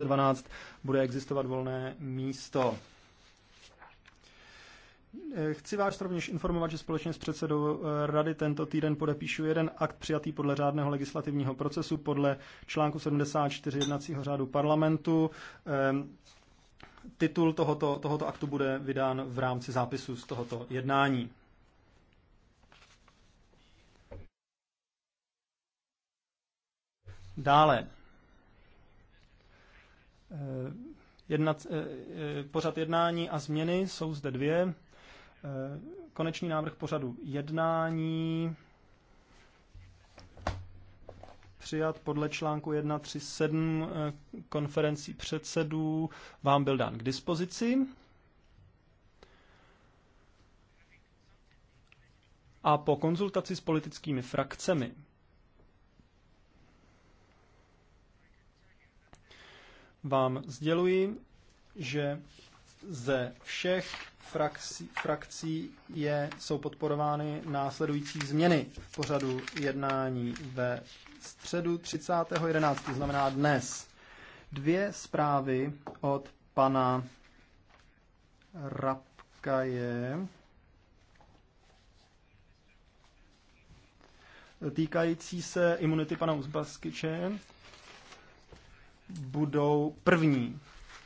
12 bude existovat volné místo. Chci vás rovněž informovat, že společně s předsedou eh, rady tento týden podepíšu jeden akt přijatý podle řádného legislativního procesu podle článku 74 jednacího řádu parlamentu. Eh, titul tohoto, tohoto aktu bude vydán v rámci zápisu z tohoto jednání. Dále Eh, jednat, eh, eh, pořad jednání a změny jsou zde dvě. Konečný návrh pořadu jednání přijat podle článku 137 konferencí předsedů vám byl dán k dispozici. A po konzultaci s politickými frakcemi vám sděluji, že ze všech frakcí, frakcí je, jsou podporovány následující změny v pořadu jednání ve středu 30.11., to znamená dnes. Dvě zprávy od pana Rapkaje týkající se imunity pana Uzbaskyče budou první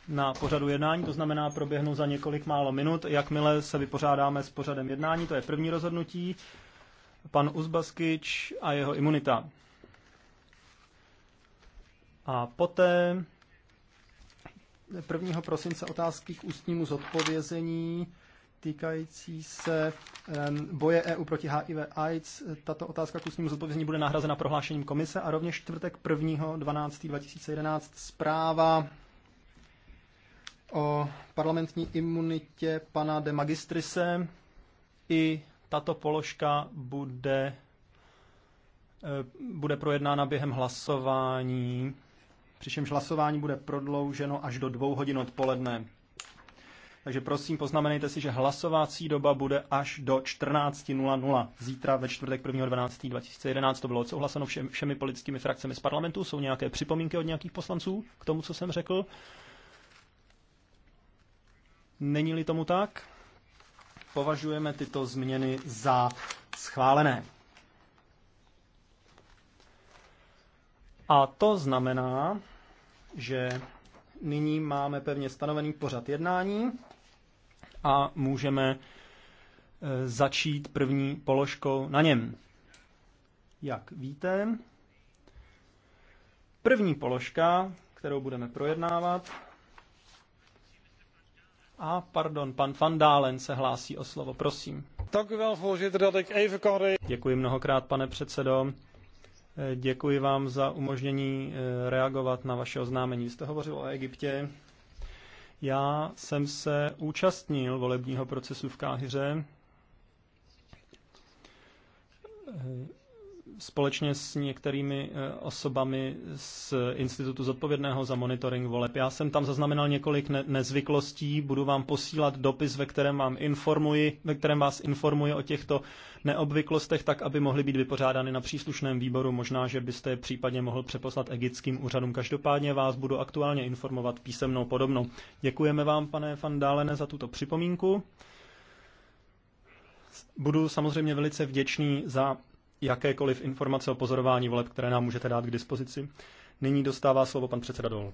na pořadu jednání, to znamená proběhnou za několik málo minut. Jakmile se vypořádáme s pořadem jednání, to je první rozhodnutí, pan Uzbaskyč a jeho imunita. A poté 1. prosince otázky k ústnímu zodpovězení týkající se boje EU proti HIV AIDS. Tato otázka k ústnímu zodpovězení bude nahrazena prohlášením komise a rovněž čtvrtek 1.12.2011 zpráva o parlamentní imunitě pana de Magistrise. I tato položka bude, bude projednána během hlasování, přičemž hlasování bude prodlouženo až do dvou hodin odpoledne. Takže prosím, poznamenejte si, že hlasovací doba bude až do 14.00. Zítra ve čtvrtek 1.12.2011 to bylo odsouhlaseno všem, všemi politickými frakcemi z parlamentu. Jsou nějaké připomínky od nějakých poslanců k tomu, co jsem řekl? Není-li tomu tak, považujeme tyto změny za schválené. A to znamená, že nyní máme pevně stanovený pořad jednání a můžeme eh, začít první položkou na něm. Jak víte, první položka, kterou budeme projednávat, a pardon, pan Van Dalen se hlásí o slovo, prosím. Děkuji mnohokrát, pane předsedo. Eh, děkuji vám za umožnění eh, reagovat na vaše oznámení. jste hovořil o Egyptě. Já jsem se účastnil volebního procesu v Káhyře společně s některými eh, osobami z Institutu zodpovědného za monitoring voleb. Já jsem tam zaznamenal několik ne- nezvyklostí, budu vám posílat dopis, ve kterém, vám informuji, ve kterém vás informuji o těchto neobvyklostech, tak aby mohly být vypořádány na příslušném výboru. Možná, že byste je případně mohl přeposlat egyptským úřadům. Každopádně vás budu aktuálně informovat písemnou podobnou. Děkujeme vám, pane Van Dálene, za tuto připomínku. Budu samozřejmě velice vděčný za jakékoliv informace o pozorování voleb, které nám můžete dát k dispozici. Nyní dostává slovo pan předseda Dol.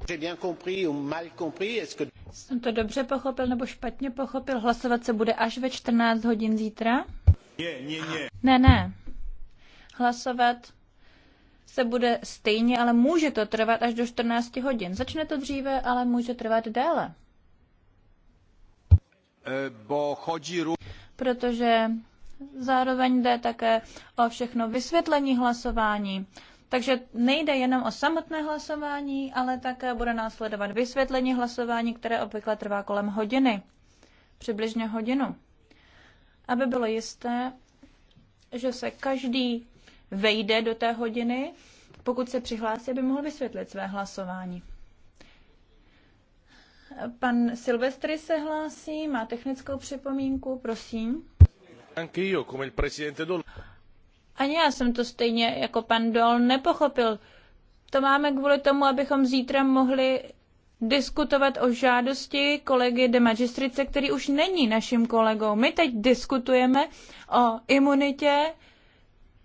Jsem to dobře pochopil nebo špatně pochopil? Hlasovat se bude až ve 14 hodin zítra? Ne, ne, ne. Ne, ne. Hlasovat se bude stejně, ale může to trvat až do 14 hodin. Začne to dříve, ale může trvat déle. E, bo chodí... Protože Zároveň jde také o všechno vysvětlení hlasování. Takže nejde jenom o samotné hlasování, ale také bude následovat vysvětlení hlasování, které obvykle trvá kolem hodiny, přibližně hodinu. Aby bylo jisté, že se každý vejde do té hodiny, pokud se přihlásí, aby mohl vysvětlit své hlasování. Pan Silvestry se hlásí, má technickou připomínku, prosím. Ani já jsem to stejně jako pan Dol nepochopil. To máme kvůli tomu, abychom zítra mohli diskutovat o žádosti kolegy de magistrice, který už není naším kolegou. My teď diskutujeme o imunitě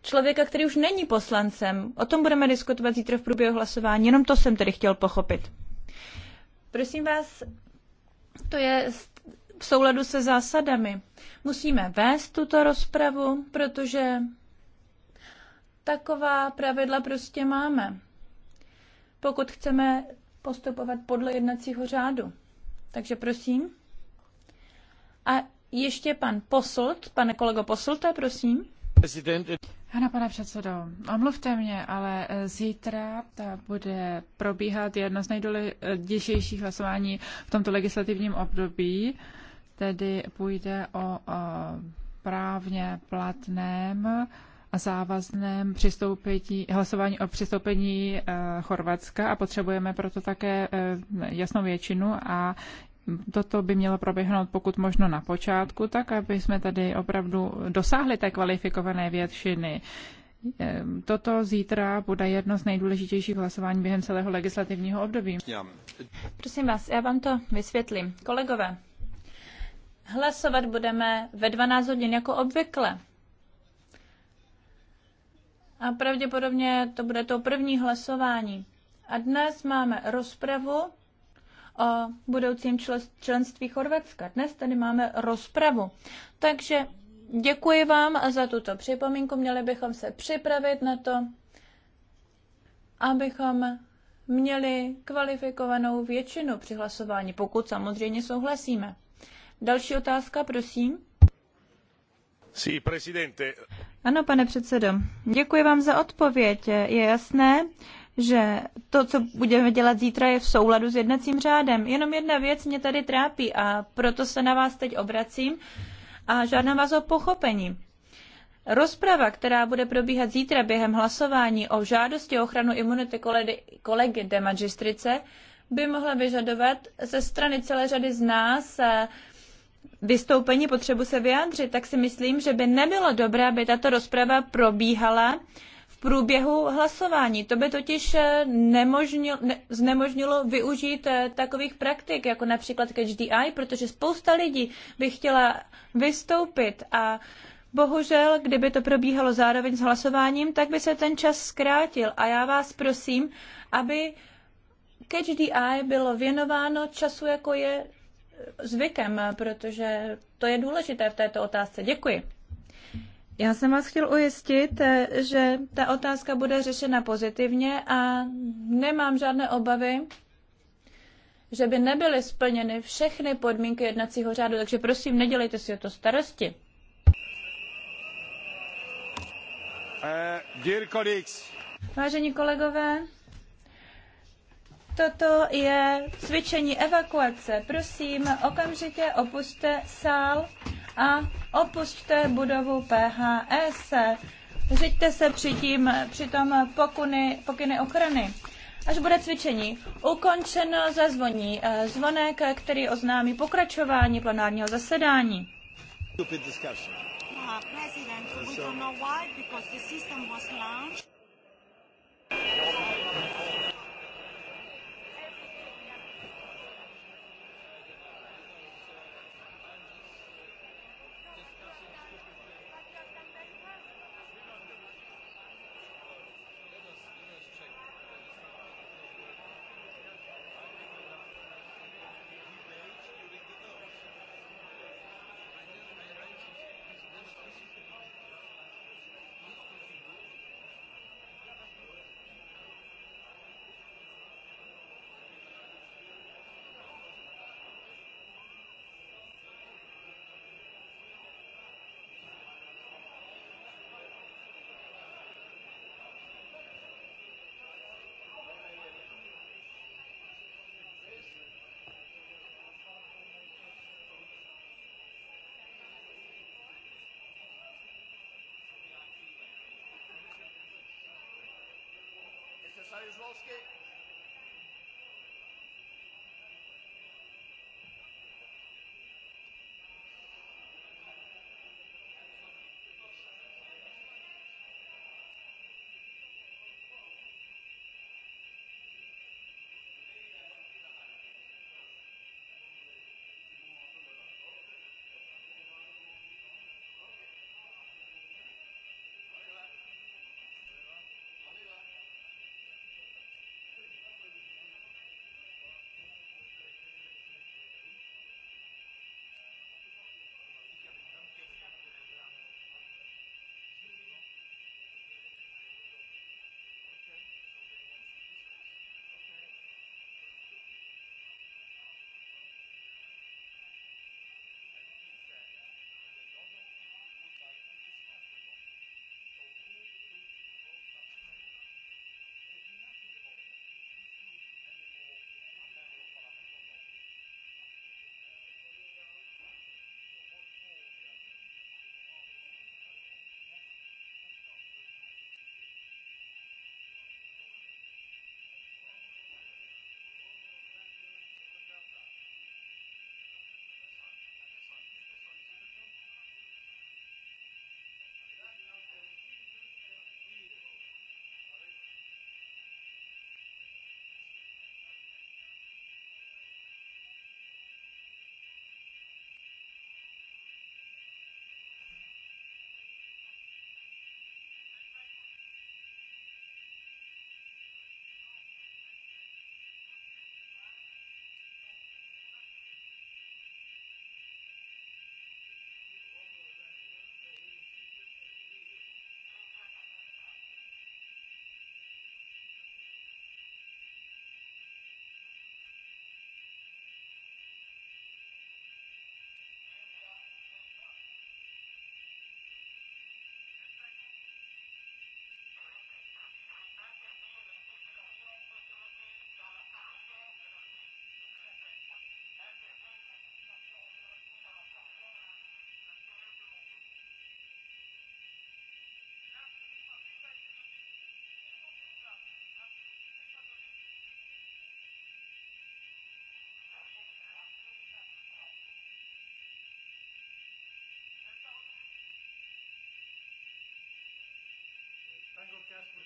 člověka, který už není poslancem. O tom budeme diskutovat zítra v průběhu hlasování, jenom to jsem tedy chtěl pochopit. Prosím vás, to je v souladu se zásadami. Musíme vést tuto rozpravu, protože taková pravidla prostě máme. Pokud chceme postupovat podle jednacího řádu. Takže prosím. A ještě pan Posult, pane kolego Posulte, prosím. Ano, pane předsedo, omluvte mě, ale eh, zítra ta eh, bude probíhat jedno z nejdůležitějších hlasování v tomto legislativním období tedy půjde o právně platném a závazném přistoupení, hlasování o přistoupení eh, Chorvatska a potřebujeme proto také eh, jasnou většinu a toto by mělo proběhnout pokud možno na počátku, tak aby jsme tady opravdu dosáhli té kvalifikované většiny. Eh, toto zítra bude jedno z nejdůležitějších hlasování během celého legislativního období. Prosím vás, já vám to vysvětlím. Kolegové, Hlasovat budeme ve 12 hodin jako obvykle. A pravděpodobně to bude to první hlasování. A dnes máme rozpravu o budoucím členství Chorvatska. Dnes tady máme rozpravu. Takže děkuji vám za tuto připomínku. Měli bychom se připravit na to, abychom měli kvalifikovanou většinu při hlasování, pokud samozřejmě souhlasíme. Další otázka, prosím. Ano, pane předsedo. Děkuji vám za odpověď. Je jasné, že to, co budeme dělat zítra, je v souladu s jednacím řádem. Jenom jedna věc mě tady trápí a proto se na vás teď obracím a žádám vás o pochopení. Rozprava, která bude probíhat zítra během hlasování o žádosti o ochranu imunity kolegy, kolegy de magistrice, by mohla vyžadovat ze strany celé řady z nás eh, vystoupení potřebu se vyjádřit, tak si myslím, že by nebylo dobré, aby tato rozprava probíhala v průběhu hlasování. To by totiž eh, nemožnil, ne, znemožnilo využít eh, takových praktik, jako například Catch the Eye, protože spousta lidí by chtěla vystoupit a Bohužel, kdyby to probíhalo zároveň s hlasováním, tak by se ten čas zkrátil a já vás prosím, aby Catch the Eye bylo věnováno času, jako je zvykem, protože to je důležité v této otázce. Děkuji. Já jsem vás chtěl ujistit, eh, že ta otázka bude řešena pozitivně a nemám žádné obavy, že by nebyly splněny všechny podmínky jednacího řádu, takže prosím, nedělejte si o to starosti. Uh, dear colleagues. Vážení kolegové, Toto je cvičení evakuace. Prosím, okamžitě opuste sál a opusťte budovu PHS. Řiďte se při přitom pokuny, pokyny ochrany. Až bude cvičení ukončeno, zazvoní eh, zvonek, který oznámí pokračování plenárního zasedání. Uh, Mr. Saryusz-Wolski.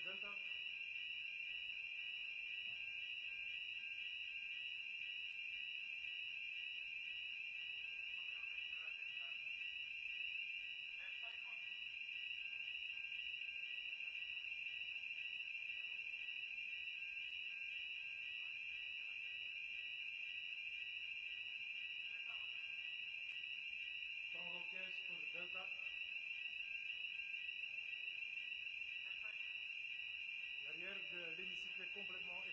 Prezidenta complètement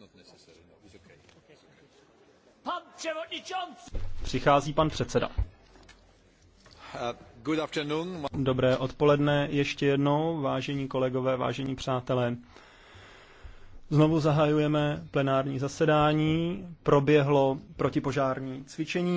No, pan Přichází pan předseda. Uh, Dobré odpoledne ještě jednou, vážení kolegové, vážení přátelé. Znovu zahajujeme plenární zasedání. Proběhlo protipožární cvičení.